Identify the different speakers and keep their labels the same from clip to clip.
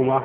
Speaker 1: kuma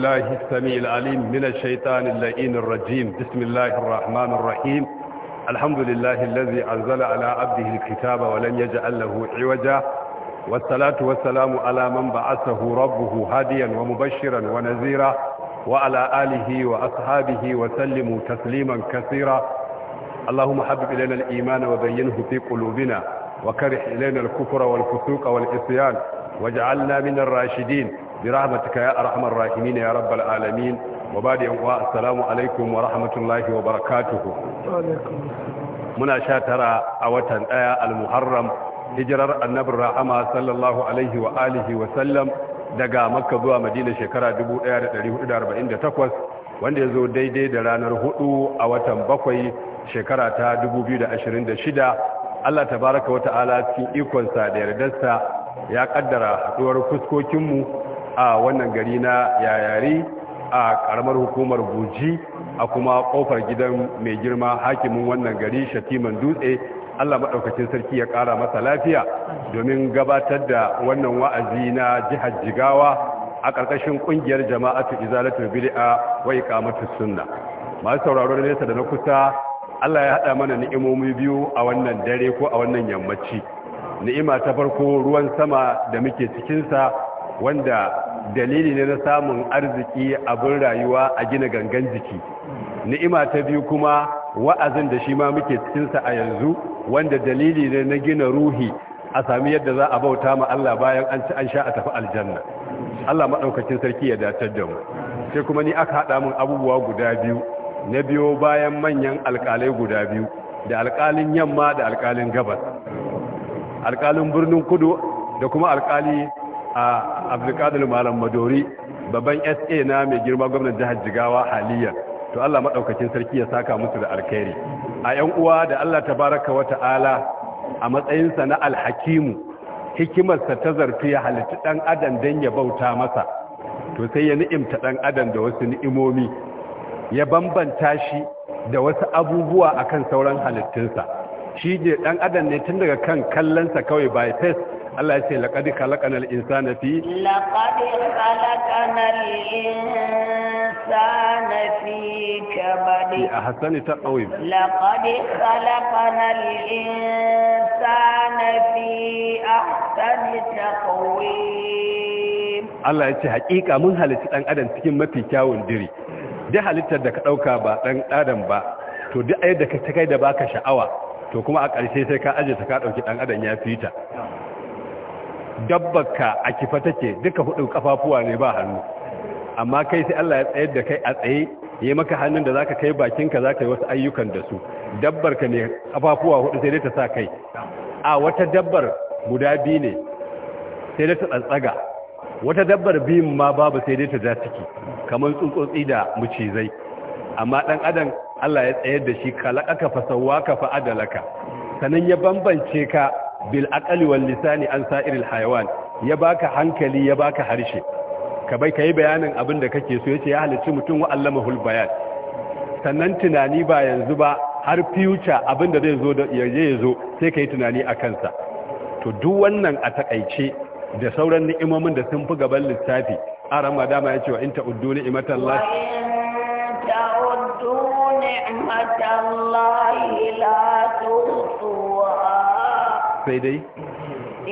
Speaker 2: بالله السميع العليم من الشيطان اللئين الرجيم بسم الله الرحمن الرحيم الحمد لله الذي أنزل على عبده الكتاب ولم يجعل له عوجا والصلاة والسلام على من بعثه ربه هاديا ومبشرا ونذيرا وعلى آله وأصحابه وسلموا تسليما كثيرا اللهم حبب إلينا الإيمان وبينه في قلوبنا وكره إلينا الكفر والفسوق والعصيان واجعلنا من الراشدين برحمتك يا أرحم الراحمين يا رب العالمين وبعد يوم السلام عليكم ورحمة الله وبركاته muna sha tara a watan ɗaya al-muharram hijirar annabin rahama sallallahu alaihi wa wa sallam daga makka zuwa madina shekara 1448 wanda ya zo daidai da ranar hudu a watan bakwai shekara ta 2026 allah ta baraka tabaraka wata'ala cikin ikonsa da yardarsa ya kaddara haɗuwar fuskokinmu a wannan gari na yayari a karamar hukumar guji a kuma kofar gidan mai girma hakimin wannan gari shatiman dutse Allah maɗaukacin sarki ya ƙara masa lafiya domin gabatar da wannan wa'azi na jihar jigawa a ƙarƙashin ƙungiyar jama'a jama'atu izalatu a wa iqamatus sunna masu sauraron nesa da na kusa Allah ya haɗa mana ni'imomi biyu a wannan dare ko a wannan yammaci ni'ima ta farko ruwan sama da muke cikinsa wanda dalili ne na samun arziki abin rayuwa a gina gangan jiki ni'ima ta biyu kuma wa'azin da shi ma muke cikinsa a yanzu wanda dalili ne na gina ruhi a sami yadda za a bauta ma Allah bayan an ci an sha a tafi aljanna Allah maɗaukacin sarki ya datar da mu sai kuma ni aka haɗa min abubuwa guda biyu na biyo bayan manyan alƙalai guda biyu da alƙalin yamma da alƙalin gabas alƙalin birnin kudu da kuma alƙali a abdulkadir malam madori babban sa na mai girma gwamnan jihar jigawa haliyar to allah maɗaukakin sarki ya saka musu da alkhairi a yan uwa da allah ta baraka wa ta'ala a matsayinsa na alhakimu hikimarsa ta zarfi ya halitta ɗan adam don ya bauta masa to sai ya ni'imta ɗan adam da wasu ni'imomi ya bambanta shi da wasu abubuwa akan sauran halittunsa shi je ɗan adam ne tun daga kan kallonsa kawai by face Allah ya ce laqad khalaqana al-insana fi
Speaker 1: laqad khalaqana al-insana fi kabadi ta taqwim laqad khalaqana al-insana fi ahsani taqwim
Speaker 2: Allah ya ce haƙiƙa mun halitta ɗan adam cikin mafi kyawun diri duk halittar da ka ɗauka ba ɗan adam ba to duk ayyar da ka kai da baka sha'awa to kuma a ƙarshe sai ka ajiye ta ka ɗauki ɗan adam ya fita dabbarka a kifa take duka hudu kafafuwa ne ba hannu amma kai sai Allah ya tsayar da kai a tsaye yi maka hannun da zaka kai bakinka zaka yi wasu ayyukan da su dabbarka ne kafafuwa hudu sai dai ta sa kai a wata dabbar guda biyu ne sai dai ta tsantsaga wata dabbar biyun ma babu sai dai ta ja ciki kamar tsuntsotsi da mucizai amma dan adam Allah ya tsayar da shi kalakaka fasawaka adalaka sanan ya bambance ka bil aqli lisani an sa'iril hayawan ya baka hankali ya baka harshe ka bai kai bayanin abin da kake so ya ce ya halarci mutum wa allamahul bayan sannan tunani ba yanzu ba har future abin da zai zo da yaje yazo sai yi tunani a kansa to duk wannan a takaice da sauran ni'imomin da sun fi gaban lissafi a ramada ya ce wa in ta'uddu ni'matallahi
Speaker 1: ta'uddu ni'matallahi la tuhsuha sai dai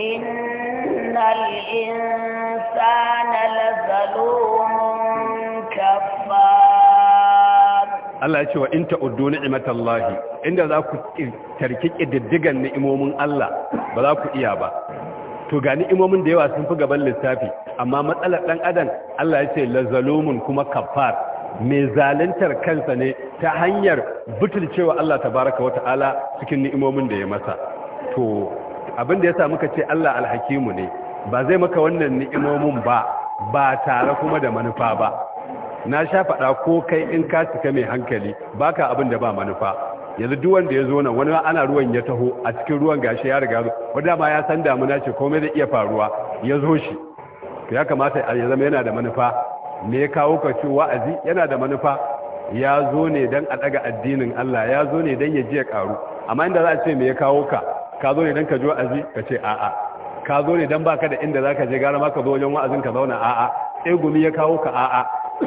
Speaker 1: innal insana lazalumun
Speaker 2: kafar Allah ya ce wa in ta'uddu ni'matallahi inda za ku tarki kididdigan ni'imomin Allah ba za ku iya ba to ga ni'imomin da yawa sun fi gaban lissafi amma matsalar dan adam Allah ya ce lazalumun kuma kafar mai zaluntar kansa ne ta hanyar butulcewa Allah tabaraka wata'ala cikin ni'imomin da ya masa to abin da ya samu ka ce Allah alhakimu ne ba zai maka wannan ni'imomin ba ba tare kuma da manufa ba na sha faɗa ko kai in ka cika mai hankali baka abin da ba manufa yanzu duk wanda ya zo nan wani ana ruwan ya taho a cikin ruwan gashi ya riga zo wanda ma ya san damuna ce komai zai iya faruwa ya zo shi to ya kamata ya zama yana da manufa me ya kawo ka ce wa'azi yana da manufa ya zo ne don a ɗaga addinin Allah ya zo ne don ya je ya karu amma inda za a ce me ya kawo ka ka zo ne don ka ji wa'azi ka ce a'a ka zo ne don baka da inda za ka je gara maka zo wajen wa'azin ka zauna a'a sai gumi ya kawo ka a'a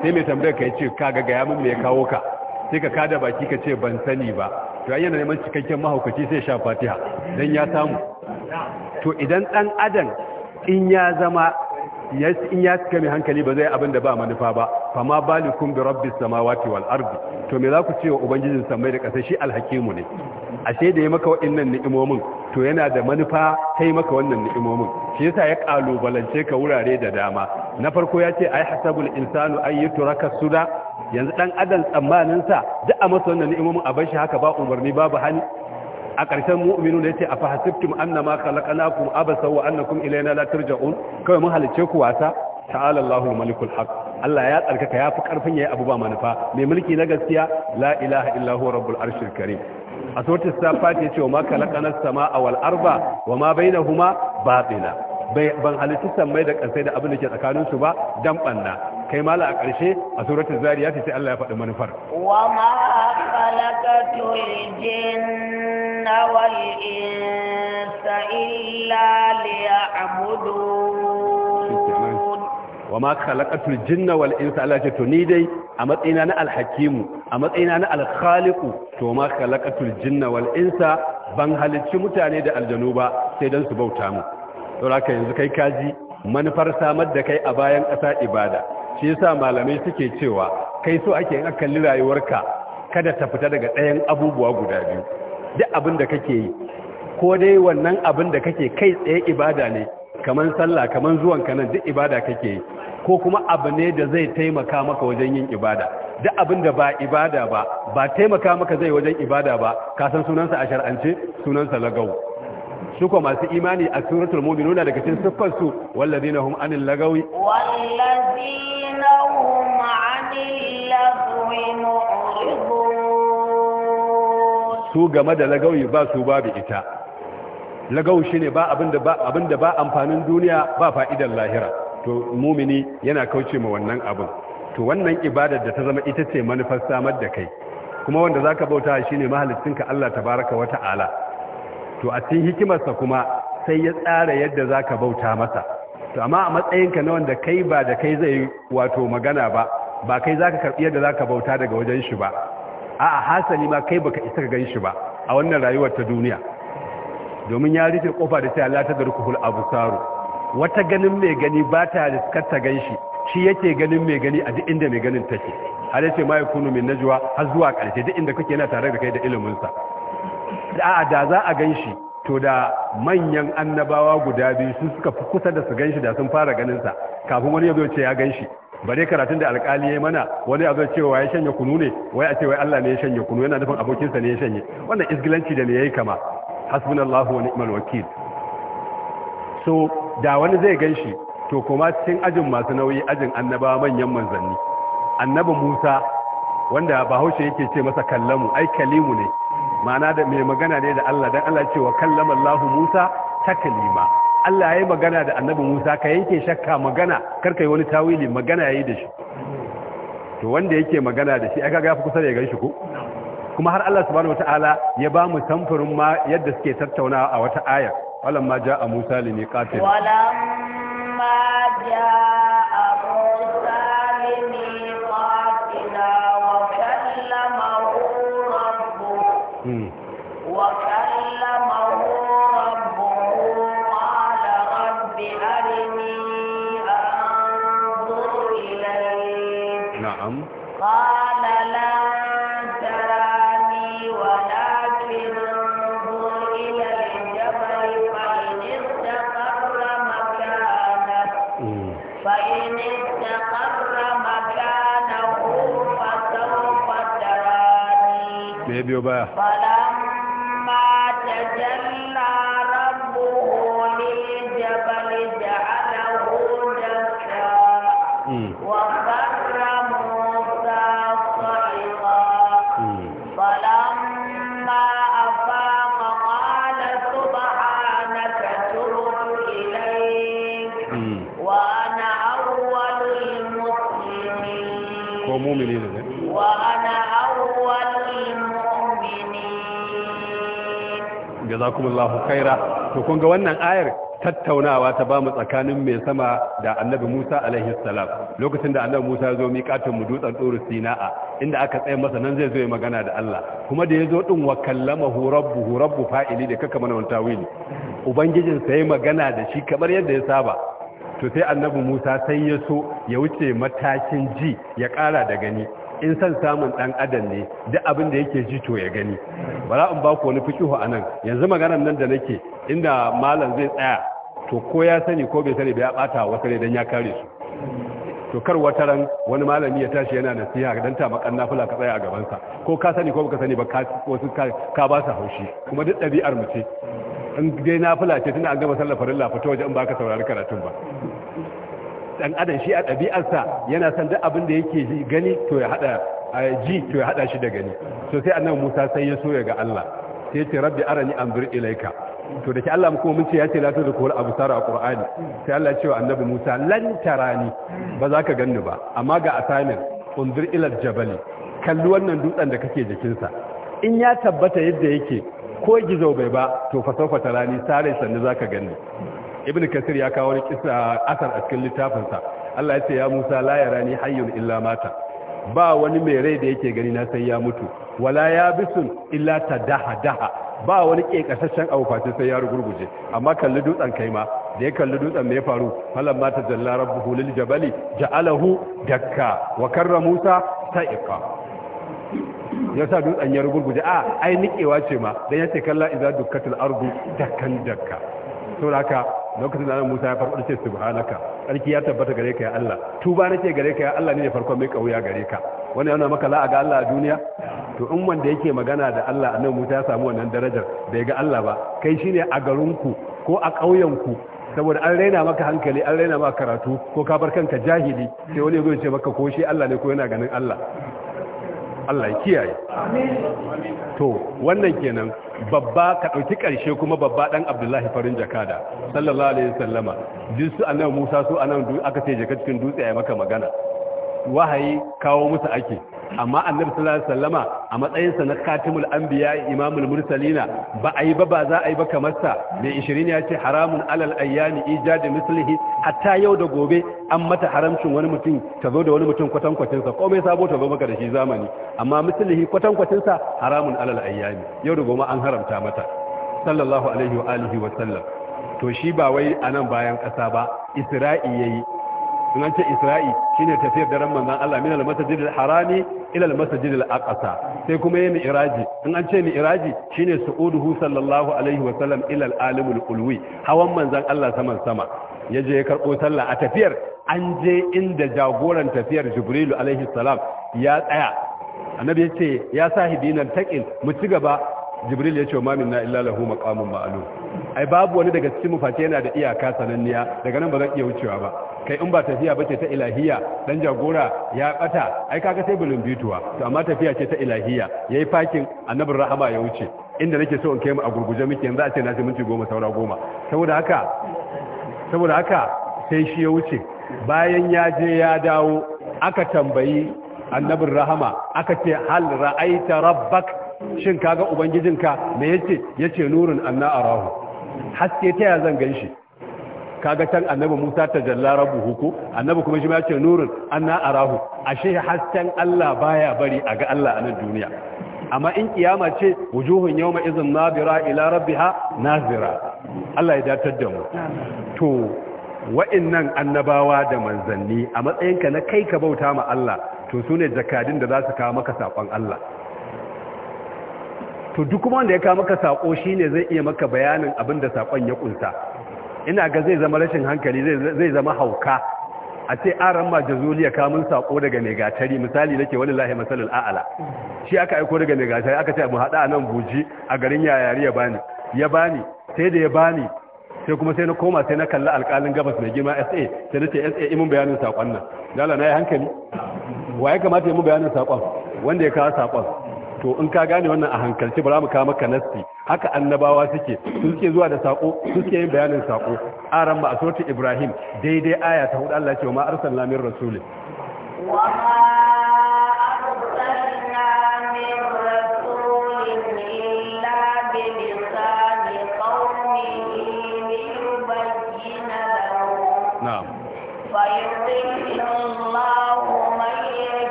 Speaker 2: sai mai tambayar ka yi ce ka ga gaya min mai kawo ka sai ka kada baki ka ce ban sani ba to an yana neman cikakken mahaukaci sai sha fatiha dan ya samu to idan dan adam in ya zama in ya suka mai hankali ba zai abin da ba manufa ba fama balikun bi rabbis samawati wal ardi to me za ku ce wa ubangijin samai da kasai shi alhakimu ne ashe da ya maka wa'innan ni'imomin to yana da manufa ta yi maka wannan ni'imomin shi yasa ya kalubalance ka wurare da dama na farko ya ce ai hasabul insanu yi yutraka suda yanzu dan adam tsammanin sa da a masa wannan ni'imomin a bar shi haka ba umarni babu hani a ƙarshen mu'minu da a afa hasibtum annama khalaqnakum abasa wa annakum ilayna la turja'un kawai mun halice ku wasa ta'ala Allahul malikul haq Allah ya tsarkaka yafi karfin yayi abu ba manufa mai mulki na gaskiya la ilaha illa huwa rabbul arshil karim a sautin safat ya ce wa maka laƙanar sama a wal'arba wa ma bai na huma baɗina ban halittu sammai da ƙasai da abin da ke tsakaninsu ba dan ɓanna kai mala a ƙarshe a suratul zariya ta sai Allah ya faɗi manufar
Speaker 1: wa ma khalaqatul jinna wal insa illa liya'budun
Speaker 2: wa ma khalaqatul jinna wal insa Allah ce to ni dai a matsayina na alhakimu a matsayina na alkhaliku to ma khalaqatul jinna wal insa ban halicci mutane da aljanu ba sai dan su bauta mu to haka yanzu kai kaji manufar samar da kai a bayan ƙasa ibada shi yasa malamai suke cewa kai so ake yin akalli rayuwarka kada ta fita daga ɗayan abubuwa guda biyu duk abin da kake yi ko dai wannan abin da kake kai tsaye ibada ne kaman sallah kamar zuwan kanan duk ibada kake yi ko kuma abu ne da zai taimaka maka wajen yin ibada duk abin da ba ibada ba ba taimaka maka zai wajen ibada ba ka san sunansa a shar'ance sunansa lagau su ko masu imani a suratul mu'minuna daga cikin siffar su wallazina hum anil lagawi
Speaker 1: wallazina hum anil lagawi mu'ridun
Speaker 2: su game da lagawi ba su babu ita lagawi shine ba abinda ba abinda ba amfanin duniya ba fa'idar lahira to mumini yana kauce ma wannan abin to wannan ibadar da ta zama ita ce manufar samar da kai kuma wanda zaka bauta shi shine ka Allah tabaraka wa ta'ala to a cikin hikimarsa kuma sai ya tsara yadda zaka bauta masa to amma a matsayinka na wanda kai ba da kai zai wato magana ba ba kai zaka karbi yadda zaka bauta daga wajen shi ba a'a hasali ma kai baka isa ka gan shi ba a wannan rayuwar ta duniya domin ya rufe kofa da sai Allah ta darkuhul absaru wata ganin mai gani ba ta gan ganshi shi yake ganin mai gani a duk inda mai ganin take har yace mai kunu min najwa har zuwa karshe duk inda kake yana tare da kai da ilimin sa a'a da za a ganshi to da manyan annabawa guda biyu su suka fi kusa da su ganshi da sun fara ganin sa kafin wani ya zo ce ya ganshi bare karatun da alkali yayi mana wani ya zo wa ya shanye kunu ne wai a ce wai Allah ne ya shanye kunu yana nufin abokinsa ne ya shanye wannan isgilanci da ne yayi kama hasbunallahu wa ni'mal wakil so da wani zai ganshi to kuma cikin ajin masu nauyi ajin annaba manyan manzanni annabi musa wanda bahaushe yake ce masa kallamu ai kalimu ne ma'ana da mai magana ne da allah dan allah cewa kallama allah musa ta kalima allah ya yi magana da annabi musa ka yanke shakka magana karka yi wani tawili magana ya yi da shi to wanda yake magana da shi aka yafi kusa da ya gan shi ko kuma har allah subhanahu wataala ya ba mu samfurin ma yadda suke tattaunawa a wata ayar walamma ja'a musa limiqatina جاء biyo baya jazakumullahu khaira to kun ga wannan ayar tattaunawa ta bamu tsakanin mai sama da annabi Musa alaihi salam lokacin da annabi Musa zo miƙatin mu dutsen tsoro Sina'a inda aka tsaye masa nan zai zo ya magana da Allah kuma da yazo din wa kallamahu rabbuhu rabbu fa'ili da kaka mana wannan tawili ubangijin sai magana da shi kamar yadda ya saba to sai annabi Musa sai ya so ya wuce matakin ji ya ƙara da gani in san samun dan adam ne duk abin da yake ji to ya gani ba za in ba ku wani fikihu nan yanzu maganar nan da nake inda malam zai tsaya to ko ya sani ko bai sani bai ya bata wata ne dan ya kare su to kar wata ran wani malami ya tashi yana nasiha dan ta makan nafila ka tsaya a gaban sa ko ka sani ko baka sani ba ka wasu ka ba su haushi kuma duk dabi'ar mu ce in dai nafila ce tunda an gama sallar farilla fito waje in baka saurari karatun ba dan adam shi a ɗabi'arsa yana san duk abin da yake gani to ya hada ji to ya hada shi da gani so sai annabi Musa sai ya so ya ga Allah sai ya ce rabbi arani anzur ilaika to da ke Allah mu mun ce ya ce la tu zikul absar a qur'ani sai Allah ya ce wa annabi Musa lan tarani ba za ka ganni ba amma ga asamin unzur ila jabali kalli wannan dutsen da kake jikin sa in ya tabbata yadda yake ko gizo bai ba to fa sofa tarani sare sanne zaka ganni ibn kasir ya kawo kisa asar a cikin littafinsa Allah ya ce ya Musa la yarani hayyun illa mata ba wani mai rai da yake gani na sai ya mutu wala ya bisun illa tadaha daha ba wani kekasashen abu face sai ya rugurguje amma kalli dutsen kai ma da ya kalli dutsen mai faru falan mata jalla rabbuhu lil jabali ja'alahu dakka wa karra Musa sa'iqa ya sa dutsen ya rugurguje a ai nikewa ce ma dan ce kalla idza dukkatul ardu dakkan dakka saboda haka lokacin da annabi Musa ya farko ce subhanaka sarki ya tabbata gare ka ya Allah tuba nake gare ka ya Allah ne farkon mai kauya gare ka wani yana maka la'a ga Allah a duniya to in wanda yake magana da Allah annabi Musa ya samu wannan darajar bai ga Allah ba kai shine a garinku ko a ƙauyenku saboda an raina maka hankali an raina maka karatu ko ka bar kanka jahili sai wani ya ce maka ko shi Allah ne ko yana ganin Allah Allah ya kiyaye to wannan kenan babba ka ɗauki karshe kuma babba ɗan Abdullahi farin jakada sallallahu alaihi wasallama duk su annabi Musa su annabi aka ce jaka cikin dutse ya maka magana wahayi kawo musu ake amma annabi sallallahu alaihi wasallama a matsayinsa na katimul anbiya imamul mursalina ba a yi ba ba za a yi ba kamar sa mai 20 ya ce haramun alal ayyani ijad mislihi hatta yau da gobe an mata haramcin wani mutum ta zo da wani mutum kwatin sa komai sabo ta zo maka da shi zamani amma mislihi kwatin sa haramun alal ayyani. yau da gobe an haramta mata sallallahu alaihi wa alihi wa sallam to shi ba wai anan bayan kasa ba isra'i yayi sunan isra'i shine tafiyar daren manzon Allah min al-masjid al-harami ila al-masjid al-aqsa sai kuma yayin iraji in an ce iraji shine su'uduhu sallallahu alaihi wa sallam ila al-alim al hawan manzon Allah saman sama yaje ya karbo sallah a tafiyar an je inda jagoran tafiyar jibrilu alaihi salam ya tsaya annabi ya ce ya sahibinan taqil mu ci gaba jibril ya ce ma minna illa lahu maqamun ma'lum ai babu wani daga cikin mu yana da iyaka sananniya daga nan ba zan iya wucewa ba kai in ba tafiya ba ce ta ilahiya dan jagora ya bata ai kaga sai bulun bituwa to amma tafiya ce ta ilahiya yayi fakin annabin rahama ya wuce inda nake so in kai mu a gurguje muke yanzu a ce na sai minti goma saura goma saboda haka saboda haka sai shi ya wuce bayan ya je ya dawo aka tambayi annabin rahama aka ce hal ra'aita rabbak shin kaga ubangijinka me yace yace nurun anna arahu haske ta ya zan ganshi kaga can annabi Musa ta jalla rabbuhu ko annabi kuma shi ma yake nurun anna arahu ashe hasken Allah baya bari a ga Allah a nan duniya amma in kiyama ce wujuhun yawma izin nabira ila rabbiha nazira Allah ya datar da mu to wa'annan annabawa da manzanni a matsayin ka na kai ka bauta ma Allah to sune jakadin da za su kawo maka sakon Allah to duk wanda ya kawo maka sako shine zai iya maka bayanin abin da sakon ya ƙunsa. ina ga zai zama rashin hankali zai zama hauka a ce aran ah, ma jazuliya kamun sako daga megatari misali wani wallahi masalul a'ala shi aka aiko daga megatari aka ce mu a nan buji a garin yayari ya bani ya bani sai da ya bani sai kuma sai na koma sai na kalli alƙalin gabas mai girma SA sai da ce SA bayanin sakon nan dala na yi hankali wa ya kamata yi mu bayanin sakon wanda ya kawo sakon to in ka gane wannan a hankalci ba za mu kawo maka nassi haka annabawa suke su suke zuwa da sako su suke yin bayanin sako aran ba a surati ibrahim daidai aya ta hudu Allah ce wa ma arsalna min rasulin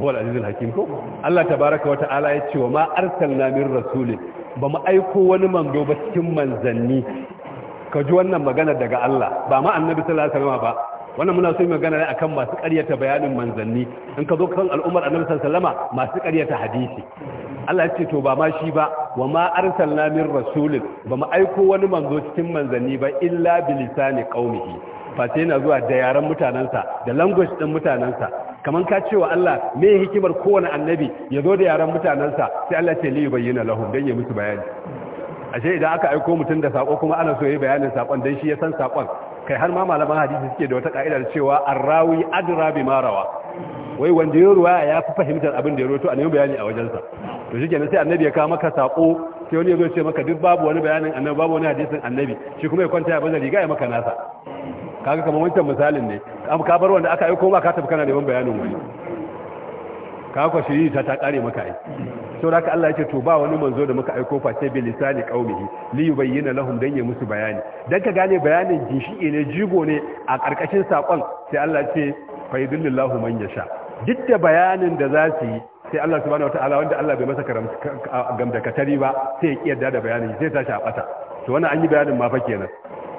Speaker 2: huwal azizul hakim ko Allah tabaaraka wa ta'ala ya ce wa ma arsalna min rasulin ba mu aiko wani manzo ba cikin manzanni ka ji wannan magana daga Allah ba ma annabi sallallahu alaihi wasallam ba wannan muna so magana ne akan masu ƙaryata bayanin manzanni in ka zo kan al'ummar annabi sallallahu alaihi masu ƙaryata hadisi Allah ya ce to ba ma shi ba wa ma arsalna min rasulin ba mu aiko wani manzo cikin manzanni ba illa bi lisani qaumihi fa sai yana zuwa da yaran mutanansa da language din mutanansa kamar ka cewa Allah me hikimar kowane annabi ya zo da yaran mutanensa sai Allah ce li bayyana lahum dan ya musu bayani ashe idan aka aiko mutum da sako kuma ana so yayi bayanin sakon dan shi ya san sakon kai har ma malaman hadisi suke da wata ka'idar cewa arrawi adra ma rawa wai wanda ya ruwa ya fi fahimtar abin da ya roto a neman bayani a wajensa to shi kenan sai annabi ya kawo maka sako sai wani ya zo ce maka duk babu wani bayanin annabi babu wani hadisin annabi shi kuma ya kwanta ya baza riga ya maka nasa kaga kamar wancan misalin ne ka bar wanda aka yi kuma ka tafi kana neman bayanin wani ka kwa shiri ta ta kare maka ai sau ka Allah ya ce to ba wani manzo da muka aiko face bi lisani qaumihi li yubayyana lahum dan ya musu bayani dan ka gane bayanin gishi ne jigo ne a karkashin sakon sai Allah ya ce fa yudillillahu man yasha duk da bayanin da za su yi sai Allah subhanahu wataala wanda Allah bai masa gamdakatari ba sai ya kiyarda da bayanin sai ta shafata to wannan an yi bayanin ma fa kenan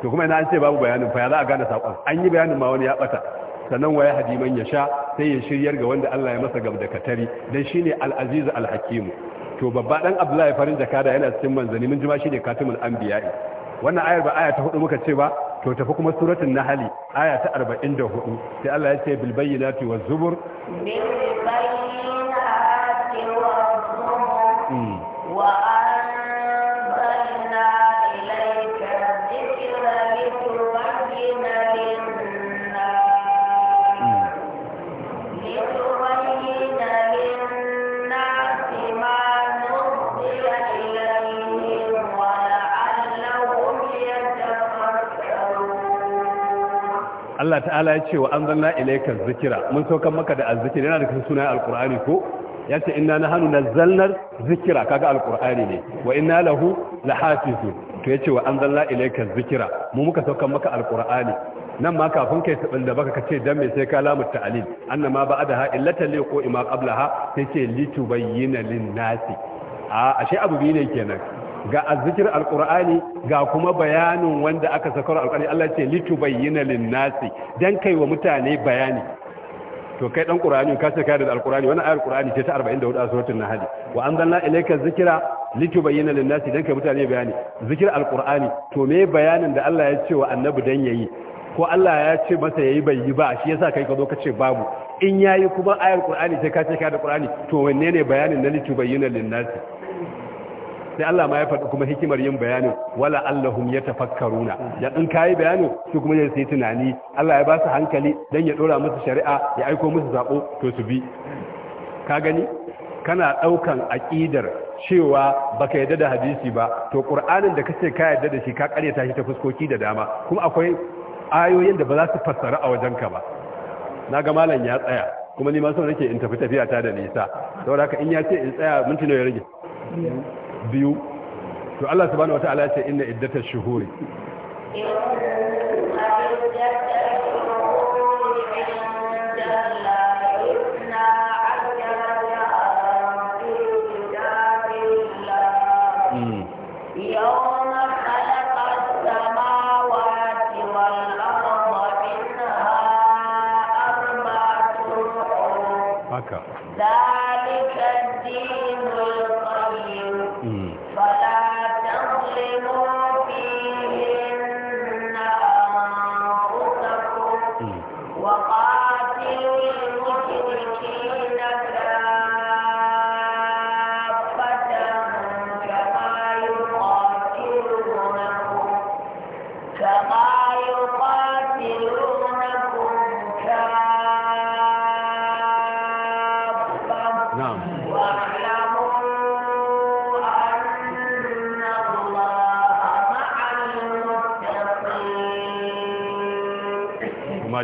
Speaker 2: to kuma ina an ce babu bayanin fa ya za a gane sakon an yi bayanin ma wani ya bata sannan waya man ya sha sai ya shiryar ga wanda Allah ya masa gab da katari dan shine al-aziz al-hakim to babba dan Abdullahi farin jaka da yana cikin manzani mun jima shine katimul anbiya'i wannan ayar ba aya ta hudu muka ce ba to tafi kuma suratul nahl aya ta 44 sai Allah ya ce bil bayyinati waz zubur Allah ta'ala ya ce wa anzalna ilayka zikira mun saukan maka da azzikir yana da cikin suna alkur'ani ko ya ce hannu na zannar zikira kaga alkur'ani ne wa inna lahu lahafizun to ce wa anzalna ilayka zikira mu muka saukan maka alkur'ani nan ma kafin kai tabin da baka kace dan me sai ka lamu ta'lil annama ba'daha illatan liqo ima qablaha sai ce litubayyana lin-nasi a ashe abu biyu ne kenan ga azzikir alqur'ani ga kuma bayanin wanda aka sakar alqur'ani Allah ce litubayyana lin-nasi dan kai wa mutane bayani to kai dan qur'ani ka ce kai da alqur'ani wannan ayar qur'ani ce ta 44 a suratul nahl wa anzalna ilayka dhikra litubayyana lin-nasi dan kai mutane bayani zikir alqur'ani to me bayanin da Allah ya ce wa annabi dan yayi ko Allah ya ce masa yayi bai yi ba shi yasa kai ka zo ka ce babu in yayi kuma ayar qur'ani ce ka ce kai da qur'ani to wanne ne bayanin na litubayyana lin-nasi sai Allah ma ya faɗi kuma hikimar yin bayanin wala allahum tafakkaruna ya in kayi bayani su kuma yin sai tunani Allah ya ba su hankali don ya ɗora musu shari'a ya aiko musu zaɓo to su bi ka gani kana ɗaukan aƙidar cewa ba ka yadda da hadisi ba to ƙuranin da kace ka yadda da shi ka karya shi ta fuskoki da dama kuma akwai ayoyin da ba za su fassara a ka ba na ga malam ya tsaya kuma ni ma so nake in tafi tafiya ta da nisa saboda haka in ya ce in tsaya minti nawa ya rage biyu to Allah subhanahu wataala ya ce inna iddatash shuhuri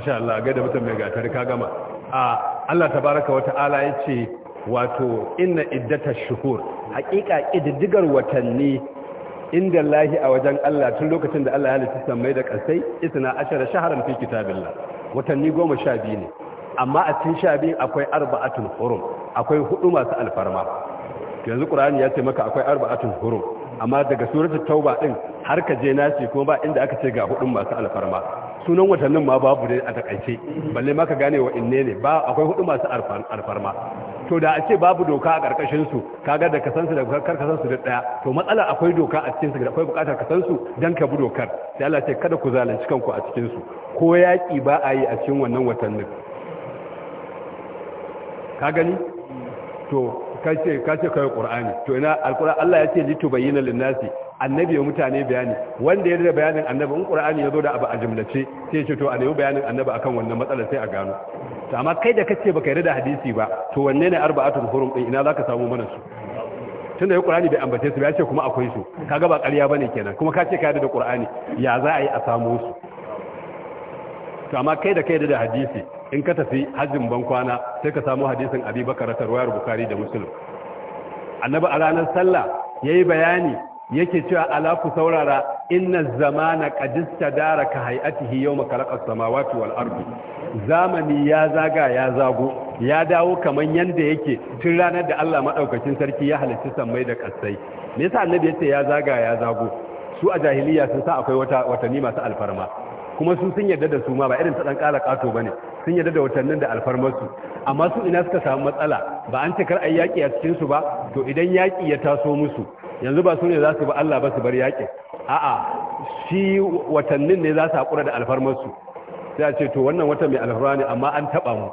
Speaker 2: insha Allah ga da mutum mai gatar ka gama a Allah tabaraka wa ta'ala yace wato inna iddata shuhur haqiqa ƙididdigar watanni inda lahi a wajen Allah tun lokacin da Allah ya halitta sammai da kasai isna ashara shahran fi kitabillah watanni goma sha ne amma a cikin sha akwai arba'atul hurum akwai hudu masu alfarma yanzu qur'ani ya ce maka akwai arba'atul hurum amma daga suratul tauba din har ka je nasi kuma ba inda aka ce ga hudun masu alfarma sunan watannin ma babu dai a takaice balle ma ka gane wa inne ne ba akwai hudu masu alfarma to da a ce babu doka a karkashin su kaga da kasansu da kar kasansu da daya to matsala akwai doka a cikin su da akwai bukatar kasansu dan ka bu dokar sai Allah ce kada ku zalunci kanku a cikin su ko yaki ba a yi a cikin wannan watannin ka gani to kace kace kai qur'ani to ina alqur'ani Allah ya ce litubayyana lin-nasi annabi ya mutane bayani wanda ya da bayanin annabi in qur'ani ya zo da abu a jumlace sai ce to a nemi bayanin annabi akan wannan matsalar sai a gano to amma kai da kace baka yarda da hadisi ba to wanne ne arba'atul hurum din ina zaka samu mana su tunda ya qur'ani bai ambace su ba kuma akwai su kaga ba ƙarya bane kenan kuma ka ce ka yarda da qur'ani ya za a yi a samu su to amma kai da kai da hadisi in ka tafi hajjin ban kwana sai ka samu hadisin abubakar ta wayar bukari da muslim annabi a ranar sallah yayi bayani yake cewa ala ku saurara inna zamana qadista daraka hay'atihi yawma khalaqas samawati wal ardi zamani ya zaga ya zago ya dawo kaman yanda yake tun ranar da Allah madaukakin sarki ya halitta sammai da kasai me yasa annabi yace ya zaga ya zago su a jahiliya sun sa akwai wata watanni masu alfarma kuma su sun yarda da su ma ba irin ta dan kala kato bane sun yarda da watannin da alfarmarsu amma su ina suka samu matsala ba an ce kar ayi yaki a cikin su ba to idan yaki ya taso musu yanzu ba su ne za su ba Allah ba su bar yaƙin a'a shi watannin ne za su haƙura da alfarmarsu sai a ce to wannan wata mai alfarma ne amma an taɓa mu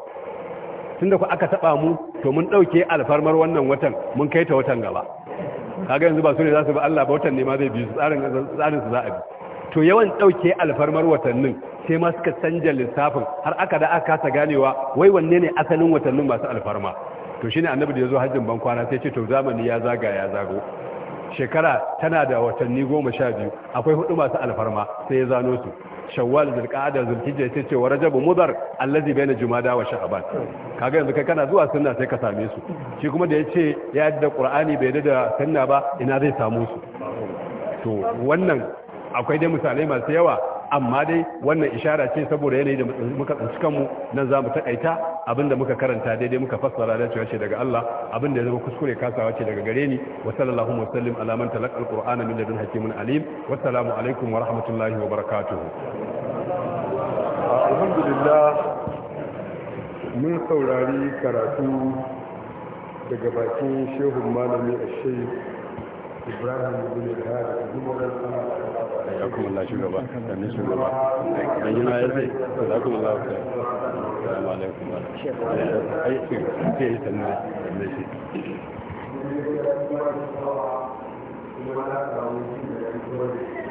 Speaker 2: tun da ku aka taɓa mu to mun ɗauke alfarmar wannan watan mun kai ta watan gaba kaga yanzu ba su ne za su ba Allah ba watan ne ma zai bi su tsarin su za a bi to yawan ɗauke alfarmar watannin sai ma suka canja lissafin har aka da aka kasa ganewa wai wanne ne asalin watannin masu alfarma to shine annabi da ya zo hajjin ban kwana sai ce to zamani ya zaga ya zago shekara tana da watanni goma sha biyu akwai hudu masu alfarma sai ya zano su shawwal zulqa'ada zulhijja sai ce wa rajab mudhar allazi baina jumada wa sha'ban kaga yanzu kai kana zuwa sunna sai ka same su shi kuma da yace ya da qur'ani bai da sunna ba ina zai samu su to wannan akwai dai misalai masu yawa amma dai wannan ishara ce saboda yanayi da muka tsanci kanmu nan za mu taƙaita abinda muka karanta daidai muka fassara da cewa ce daga Allah abinda ya zama kuskure kasawa ce daga gare ni wa sallallahu wa sallim ala man talaqa alqur'ana min ladun hakimin alim wa assalamu alaikum wa rahmatullahi wa barakatuh
Speaker 1: alhamdulillah
Speaker 2: mun saurari karatu daga bakin shehun malami ashe shaykh ibrahim bin hadi bin ya kuma Allah shugaba da ni da kuma ai ce
Speaker 1: da